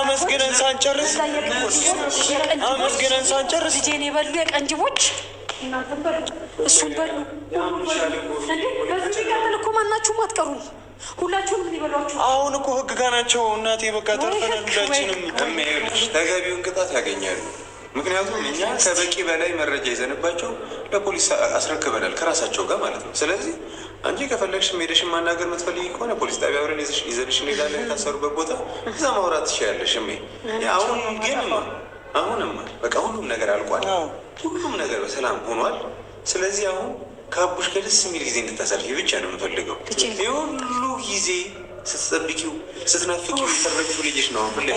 አመስግነን ሳንጨርስ አመስግነን ሳንጨርስ ልጄን የበሉ የቀንጅቦች እሱን በሉ። በዚህ ሚቀጥል እኮ ማናችሁም አትቀሩም። ሁላችሁንም ይበሏችሁ። አሁን እኮ ህግ ጋር ናቸው እናቴ። በቃ ተርፈናል ሁላችንም። ተገቢውን ቅጣት ያገኛሉ። ምክንያቱም እኛ ከበቂ በላይ መረጃ ይዘንባቸው ለፖሊስ አስረክበናል ከራሳቸው ጋር ማለት ነው። ስለዚህ አንቺ ከፈለግሽ ሄደሽን ማናገር የምትፈልጊ ከሆነ ፖሊስ ጣቢያ አብረን ይዘንሽ እንሄዳለን። የታሰሩበት ቦታ እዛ ማውራት ትችያለሽ። ሜ አሁን ግን አሁንማ በቃ ሁሉም ነገር አልቋል። ሁሉም ነገር በሰላም ሆኗል። ስለዚህ አሁን ከአቡሽ ጋር ደስ የሚል ጊዜ እንድታሳልፊ ብቻ ነው የምፈልገው። የሁሉ ጊዜ ስትጠብቂው ስትናፍቂው የተረጁ ልጅሽ ነው አሁን ላይ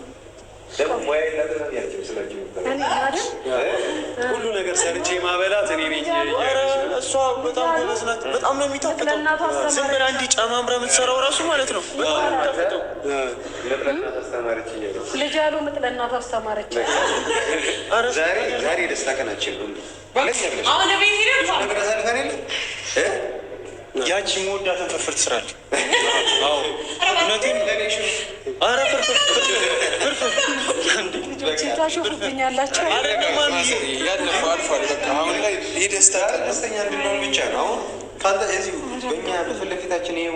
ደግሞ ሙያ የላትም ያቸው ሁሉ ነገር ሰርቼ ማበላት እኔ ነኝ። እሷ በጣም ጎበዝ ናት። በጣም ነው የሚጣፍጠው። ዝም ብላ እንዲህ ጨማምራ የምትሰራው ራሱ ማለት ነው። ልጅ አሉ ምጥ አስተማረች። ዛሬ ደስታ ቀናችን ነው። ያቺ መወዳትን ፍርፍር ትስራለች። እውነቴን ታሾፉብኛላችሁ። ያለፈው አልፏል።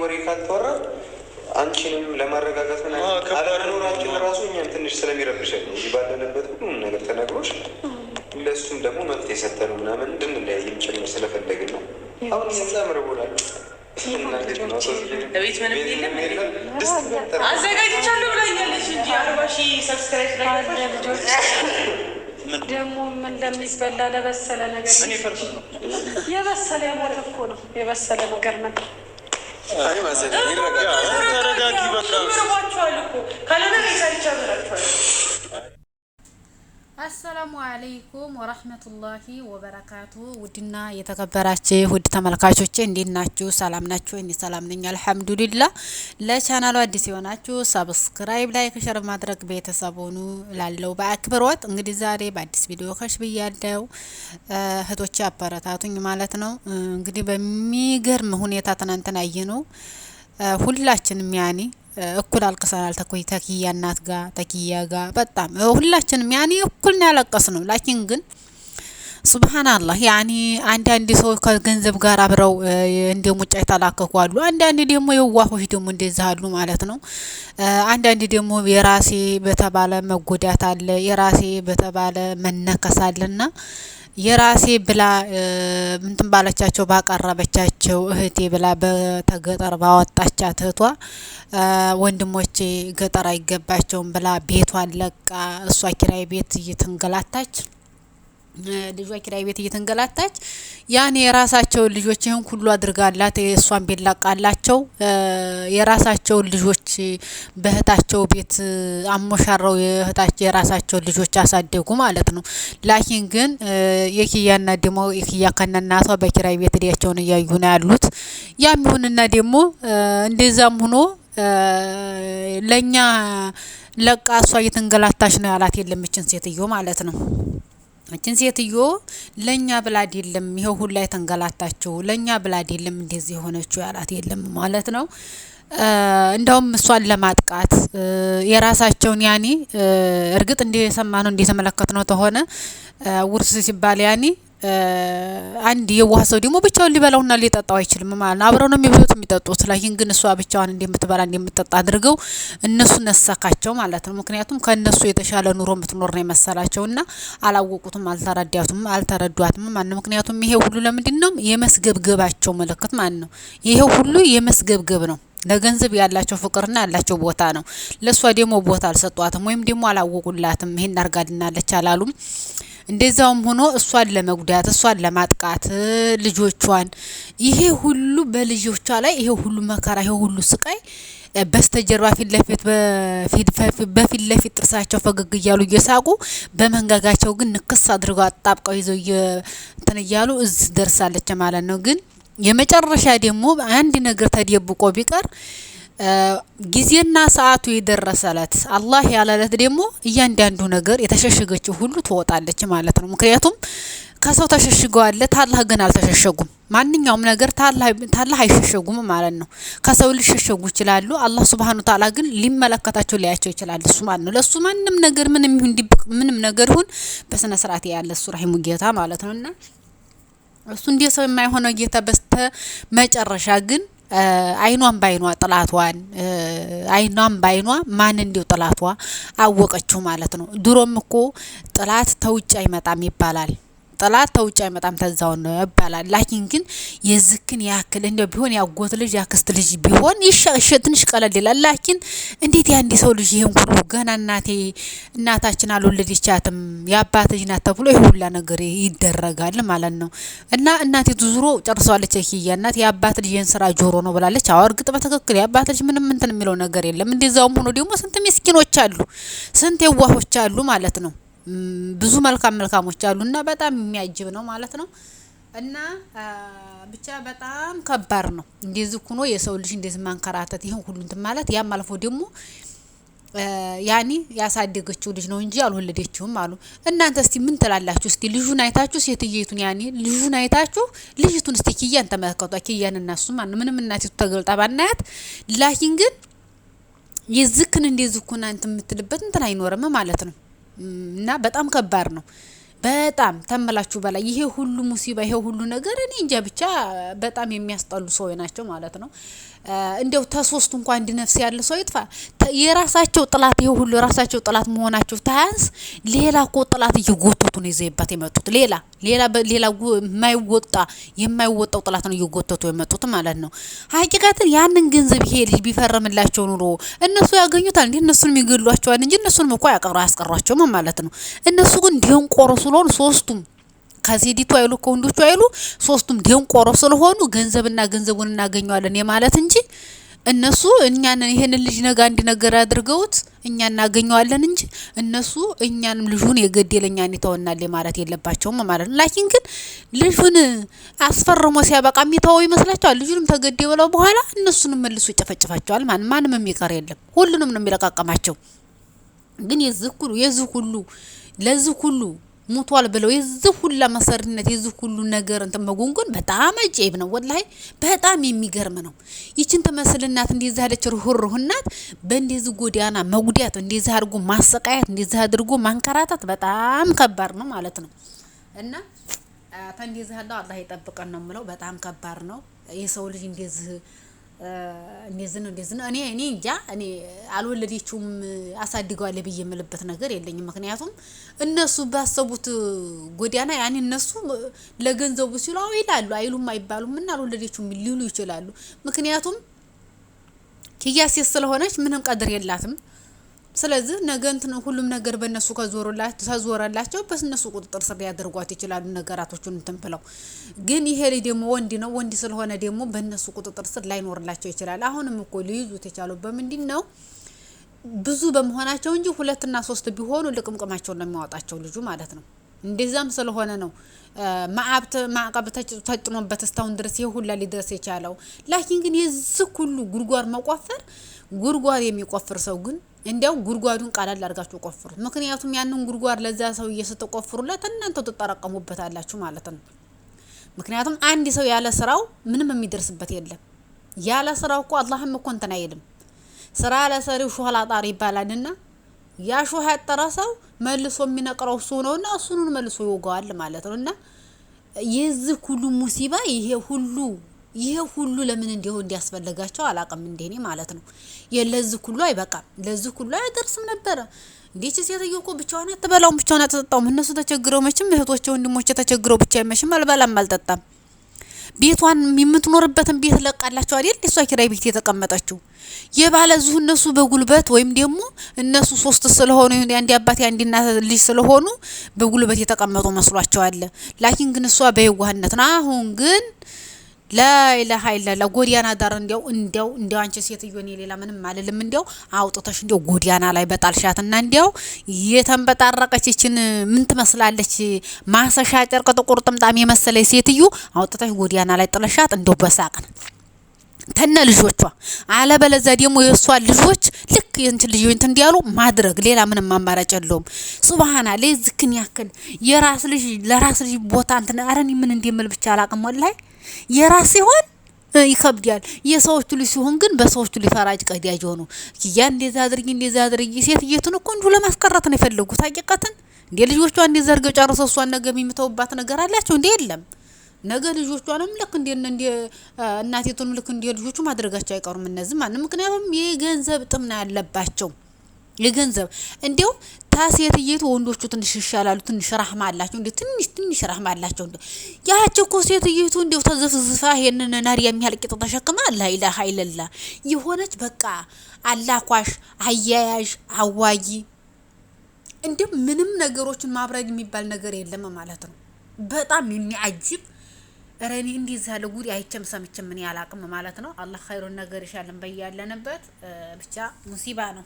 ወሬ ካልተወራ አንቺንም ለማረጋጋት አለመኖራችን ራሱ እኛም ትንሽ ስለሚረብሸን ነው። እዚህ ባለንበት ሁሉም ነገር ተነግሮች ለእሱም ደግሞ መፍትሄ የሰጠነው ምናምን እንድንለያይም ጭምር ስለፈለግን ነው። አሁን እዛ ምርቦናል ቤት ምንም የለም አዘጋጅቻለሁ ብላኛለች እንጂ አርባ ሺህ ሰብስክራይብ ደግሞ እንደሚበላ ለበሰለ ነገር የበሰለ የሞት እኮ ነው። የበሰለ ነገር ነው። ተረጋጊ በቃ። አሰላሙ አለይኩም ወረህመቱላሂ ወበረካቱ። ውድና የተከበራችሁ ውድ ተመልካቾቼ እንዴት ናችሁ? ሰላም ናችሁ? እኔ ሰላም ነኝ አልሐምዱሊላ። ለቻናሉ አዲስ የሆናችሁ ሰብስክራይብ፣ ላይክ፣ ሸር ማድረግ ቤተሰብ ሆኑ ላለው በአክብሮት እንግዲህ ዛሬ በአዲስ ቪዲዮ ከሽ ብያለው። እህቶቼ አበረታቱኝ ማለት ነው። እንግዲህ በሚገርም ሁኔታ ትናንትና አየነው ሁላችንም ያኔ እኩል አልቅሰናል። ተኪያ እናት ጋ ተኪያ ጋ በጣም ሁላችንም ያኔ እኩል ነው ያለቀስ ነው። ላኪን ግን ሱብሃናላህ ያኔ አንዳንድ ሰው ከገንዘብ ጋር አብረው እንደ ሙጫ የተላከኩ አሉ። አንዳንድ ደግሞ የዋሆች ደግሞ እንደዛ አሉ ማለት ነው። አንዳንድ ደግሞ የራሴ በተባለ መጎዳት አለ፣ የራሴ በተባለ መነከስ አለና የራሴ ብላ ምንትን ባለቻቸው ባቀረበቻቸው እህቴ ብላ በተገጠር ባወጣቻት እህቷ ወንድሞቼ ገጠር አይገባቸውም ብላ ቤቷን ለቃ እሷ ኪራይ ቤት እየተንገላታች ልጇ ኪራይ ቤት እየተንገላታች ያን የራሳቸውን ልጆች ይህን ሁሉ አድርጋላት የእሷን ቤት ላቃላቸው የራሳቸውን ልጆች በእህታቸው ቤት አሞሻረው የራሳቸውን ልጆች አሳደጉ ማለት ነው። ላኪን ግን የኪያና ደግሞ የኪያ ከነ እናቷ በኪራይ ቤት እዳቸውን እያዩ ነው ያሉት። ያም ይሁንና ደግሞ እንደዛም ሆኖ ለእኛ ለቃ እሷ እየተንገላታች ነው ያላት የለምችን ሴትዮ ማለት ነው። እችን ሴትዮ ለእኛ ብላድ የለም ይኸው ሁላ የተንገላታቸው ለእኛ ብላድ የለም እንደዚህ የሆነችው ያላት የለም ማለት ነው። እንደውም እሷን ለማጥቃት የራሳቸውን ያኔ እርግጥ እንደሰማ ነው እንደተመለከት ነው ተሆነ ውርስ ሲባል ያኔ አንድ የዋህ ሰው ደግሞ ብቻውን ሊበላውና ሊጠጣው አይችልም ማለት ነው። አብረው ነው የሚበሉት የሚጠጡት። ላኪን ግን እሷ ብቻዋን እንደምትበላ እንደምትጠጣ አድርገው እነሱ ነሳካቸው ማለት ነው። ምክንያቱም ከእነሱ የተሻለ ኑሮ የምትኖር ነው የመሰላቸው እና አላወቁትም፣ አልተረዳቱም፣ አልተረዷትም ማለት ምክንያቱም ይሄ ሁሉ ለምንድን ነው የመስገብገባቸው ምልክት ማለት ነው። ይሄ ሁሉ የመስገብገብ ነው። ለገንዘብ ያላቸው ፍቅርና ያላቸው ቦታ ነው። ለእሷ ደግሞ ቦታ አልሰጧትም፣ ወይም ደግሞ አላወቁላትም። ይሄን አርጋልናለች አላሉም። እንደዛውም ሆኖ እሷን ለመጉዳት እሷን ለማጥቃት ልጆቿን ይሄ ሁሉ በልጆቿ ላይ ይሄ ሁሉ መከራ ይሄ ሁሉ ስቃይ በስተጀርባ ፊት ለፊት በፊት ለፊት ጥርሳቸው ፈገግ እያሉ እየሳቁ በመንጋጋቸው ግን ንክስ አድርገው አጣብቀው ይዘው እንትን እያሉ እዝ ደርሳለች ማለት ነው። ግን የመጨረሻ ደግሞ አንድ ነገር ተደብቆ ቢቀር ጊዜና ሰዓቱ የደረሰ እለት አላህ ያለ ደግሞ እያንዳንዱ ነገር የተሸሸገችው ሁሉ ትወጣለች ማለት ነው። ምክንያቱም ከሰው ተሸሽገዋለ ታላህ ግን አልተሸሸጉም። ማንኛውም ነገር ታላህ አይሸሸጉም ማለት ነው። ከሰው ሊሸሸጉ ይችላሉ። አላህ ሱብሃነሁ ወተዓላ ግን ሊመለከታቸው ሊያቸው ይችላል። እሱ ማለት ነው። ለእሱ ማንም ነገር ምንም ይሁን ዲብቅ ምንም ነገር ይሁን በስነ ስርዓት ያለ እሱ ራሂሙ ጌታ ማለት እና እሱ እንዲህ ሰው የማይሆነው ጌታ በስተ መጨረሻ ግን አይኗን ባይኗ ጥላቷን አይኗን ባይኗ ማን እንዲው ጥላቷ አወቀችው ማለት ነው። ድሮም እኮ ጥላት ተውጭ አይመጣም ይባላል። ጥላት ተውጭ አይመጣም ተዛውን ነው ይባላል። ላኪን ግን የዝክን ያክል እንደው ቢሆን ያጎት ልጅ ያክስት ልጅ ቢሆን ትንሽ ቀለል ይላል። ላኪን እንዴት ያንዲ ሰው ልጅ ይሄን ሁሉ ገና እናቴ እናታችን አልወለደቻትም የአባት ልጅ ናት ተብሎ ይህ ሁላ ነገር ይደረጋል ማለት ነው። እና እናቴ ዙሮ ጨርሰዋለች። ኪያ እናት የአባት ልጅ ይሄን ስራ ጆሮ ነው ብላለች። አዎ እርግጥ በትክክል የአባት ልጅ ምንም እንትን የሚለው ነገር የለም። እንደዛውም ሆኖ ደግሞ ስንት ምስኪኖች አሉ፣ ስንት የዋሆች አሉ ማለት ነው። ብዙ መልካም መልካሞች አሉና በጣም የሚያጅብ ነው ማለት ነው። እና ብቻ በጣም ከባድ ነው እንደዚህ ሆኖ የሰው ልጅ እንደዚህ ማንከራተት ይህን ሁሉ እንትን ማለት ያም አልፎ ደግሞ ያኔ ያሳደገችው ልጅ ነው እንጂ አልወለደችውም አሉ። እናንተ እስቲ ምን ትላላችሁ? እስቲ ልጁን አይታችሁ ሴትየቱን ያኔ ልጁን አይታችሁ ልጅቱን እስቲ ኪያን ተመለከቷ። ኪያን እናሱ ማን ምንም እናቲቱ ተገልጣ ባናያት ላኪን ግን የዝክን እንደዚህ እንትን የምትልበት እንትን አይኖርም ማለት ነው። እና በጣም ከባድ ነው በጣም ተመላችሁ በላይ ይሄ ሁሉ ሙሲባ ይሄ ሁሉ ነገር እኔ እንጃ ብቻ በጣም የሚያስጠሉ ሰው ናቸው ማለት ነው። እንደው ተሶስቱ እንኳ አንድ ነፍስ ያለ ሰው ይጥፋ። የራሳቸው ጥላት ይሄ ሁሉ የራሳቸው ጥላት መሆናቸው ታያንስ ሌላ ኮ ጥላት እየጎተቱ ነው ይዘይባት የመጡት ሌላ ሌላ ሌላ የማይወጣ የማይወጣው ጥላት ነው እየጎተቱ የመጡት ማለት ነው። ሀቂቃትን ያንን ገንዘብ ይሄ ልጅ ቢፈረምላቸው ኑሮ እነሱ ያገኙታል እንዴ? እነሱንም ይገሏቸዋል እንጂ እነሱንም እኮ ያቀሩ አያስቀሯቸውም ማለት ነው። እነሱ ግን ዲሆን ቆሮሱ ስለሆኑ ሶስቱም ከሴዲቱ አይሉ ከወንዶቹ አይሉ ሶስቱም ደንቆሮ ስለሆኑ ገንዘብና ገንዘቡን እናገኘዋለን የማለት እንጂ እነሱ እኛን ይሄንን ልጅ ነጋ አንድ ነገር አድርገውት እኛ እናገኘዋለን እንጂ እነሱ እኛንም ልጁን የገደለ ይተውናል ማለት የለባቸውም ማለት ነው። ላኪን ግን ልጁን አስፈርሞ ሲያበቃ የሚተወው ይመስላቸዋል። ልጁንም ተገደ ብለው በኋላ እነሱንም መልሶ ይጨፈጭፋቸዋል። ማን ማንም የሚቀር የለም። ሁሉንም ነው የሚለቃቀማቸው። ግን የዚህ ሁሉ የዚህ ሁሉ ለዚህ ሁሉ ሙቷል ብለው የዚህ ሁላ መሰሪነት የዚህ ሁሉ ነገር እንትን መጎንጎን በጣም አጀብ ነው። ወላሂ በጣም የሚገርም ነው። ይችን ትመስል እናት እንደዚህ ያለች ርኅሩኅ እናት በእንደዚህ ጎዳና መጉዳት፣ እንደዚህ አድርጎ ማሰቃየት፣ እንደዚህ አድርጎ ማንከራታት በጣም ከባድ ነው ማለት ነው እና ተንዲዝህ ያለው አላህ ይጠብቀን ነው የምለው። በጣም ከባድ ነው የሰው ልጅ እንደዚህ እንደዚህ ነው እንደዚህ ነው እኔ እኔ እንጃ እኔ አልወለደችውም አሳድገዋለሁ ብዬ የምልበት ነገር የለኝም። ምክንያቱም እነሱ ባሰቡት ጎዳና ያን እነሱ ለገንዘቡ ሲሉ አዎ ይላሉ አይሉም አይባሉም እና አልወለደችውም ሊሉ ይችላሉ። ምክንያቱም ኪያ ሴት ስለሆነች ምንም ቀድር የላትም። ስለዚህ ነገ እንትን ሁሉም ነገር በእነሱ ከዞረላቸው በእነሱ ቁጥጥር ስር ሊያደርጓት ይችላሉ። ነገራቶቹን እንትን ብለው ግን ይሄ ልጅ ደግሞ ወንድ ነው። ወንድ ስለሆነ ደግሞ በእነሱ ቁጥጥር ስር ላይኖርላቸው ይችላል። አሁንም እኮ ሊይዙት የቻለው በምንድን ነው? ብዙ በመሆናቸው እንጂ ሁለትና ሶስት ቢሆኑ ልቅምቅማቸውን ነው የሚያወጣቸው ልጁ ማለት ነው። እንደዛም ስለሆነ ነው ማዕብት ማዕቀብ ተጭኖበት እስካሁን ድረስ ይህ ሁላ ሊደርስ የቻለው። ላኪን ግን የዚህ ሁሉ ጉድጓድ መቆፈር ጉድጓድ የሚቆፍር ሰው ግን እንዲያው ጉድጓዱን ቃላል አድርጋችሁ ቆፍሩት። ምክንያቱም ያንን ጉድጓድ ለዛ ሰው እየስተቆፍሩለት እናንተ ትጠረቀሙበታላችሁ ማለት ነው። ምክንያቱም አንድ ሰው ያለ ስራው ምንም የሚደርስበት የለም። ያለ ስራው እኮ አላህም እኮ እንትን አይልም። ስራ ለሰሪው ሾህ ላጣሪ ይባላልና ያ ሹሃ ያጠረ ሰው መልሶ የሚነቅረው እሱ ነውና እሱኑን መልሶ ይወጋዋል ማለት ነውና የዚህ ሁሉ ሙሲባ ይሄ ሁሉ ይሄ ሁሉ ለምን እንዲሁ እንዲያስፈልጋቸው አላቅም። እንደኔ ማለት ነው የለዚህ ሁሉ አይበቃም፣ ለዚህ ሁሉ አይደርስም ነበረ። እንዴች ሴትዮ እኮ ብቻዋን አትበላውም፣ ብቻዋን አትጠጣውም። እነሱ ተቸግረው መቼም እህቶቼ ወንድሞቼ ተቸግረው ብቻ አይመሽም፣ አልበላም፣ አልጠጣም። ቤቷን የምትኖርበትን ቤት ለቃላቸው አይደል? እሷ ኪራይ ቤት የተቀመጠችው ዙህ እነሱ በጉልበት ወይም ደግሞ እነሱ ሶስት ስለሆኑ የአንድ አባት የአንድ እናት ልጅ ስለሆኑ በጉልበት የተቀመጡ መስሏቸዋል። ላኪን ግን እሷ በየዋህነት ነው። አሁን ግን ላይላሀ ይላላ ጎዳና ዳር እንዲያው እንዲያው እንዲያው አንቺ ሴትዮ እኔ ሌላ ምንም አልልም። እንዲያው አውጥተሽ እንዲያው ጎዳና ላይ በጣልሻትና እንዲያው የተንበጣረቀች ይችን ምን ትመስላለች ማሰሻ ጨርቅ ጥቁር ጥምጣም የመሰለች ሴትዮ አውጥተሽ ጎዳና ላይ ጥለሻት እንዲያው በሳቅን ተነ ልጆቿ። አለበለዚያ ደግሞ የእሷ ልጆች ልክ የእንትን ልጆች እንትን እንዲያሉ ማድረግ ሌላ ምንም አማራጭ የለውም። ሱብሃና ለዝክን ያክል የራስ ልጅ ለራስ ልጅ ቦታ እንትን አረኒ ምን እንደምል ብቻ አላቅም ወላሂ የራስ ሲሆን ይከብዳል። የሰዎቹ ልጅ ሲሆን ግን በሰዎቹ ልጅ ፈራጅ ቀዳጅ ሆኑ። ኪያ እንደዛ አድርጊ እንደዛ አድርጊ ሴትየቱን እኮ እንዲሁ ለማስቀረት ነው የፈለጉት። አቂቃትን እንዴ ልጆቿ እንደዛ አድርገው ጨርሰው እሷን ነገ የሚምተውባት ነገር አላቸው እንዴ? የለም ነገ ልጆቿንም ልክ እንዴ እንዴ እናቴቱንም ልክ እንዴ ልጆቹ ማድረጋቸው አይቀሩም። እነዚህ ማንም ምክንያቱም የገንዘብ ጥምና ያለባቸው የገንዘብ እንዲያው ታሴትየቱ ወንዶቹ ትንሽ ይሻላሉ። ትንሽ ራህማ አላቸው። እንዴ! ትንሽ ትንሽ ራህማ አላቸው። እንዴ! ያቺ እኮ ሴትየቱ እንዲው ተዘፍዝፋ ይሄንን ነር የሚያል ቂጥ ተሸክማ ላይላህ አይለላ የሆነች በቃ አላኳሽ፣ አያያዥ፣ አዋጊ እንዲም ምንም ነገሮችን ማብረድ የሚባል ነገር የለም ማለት ነው። በጣም የሚያጅብ ረኒ እንዲህ ያለ ጉድ አይቼም ሰምቼም ምን ያላቅም ማለት ነው። አላህ ኸይሩን ነገር ይሻለን በያለንበት ብቻ ሙሲባ ነው።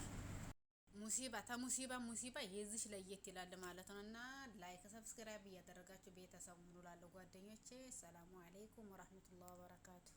ሙሲባ ተሙሲባ ሙሲባ የዚች ለየት ይላል ማለት ነው። እና ላይክ ሰብስክራይብ እያደረጋችሁ ቤተሰብ ሙሉ ላለው ጓደኞቼ ሰላሙ አሌይኩም ወራህመቱላህ ወበረካቱ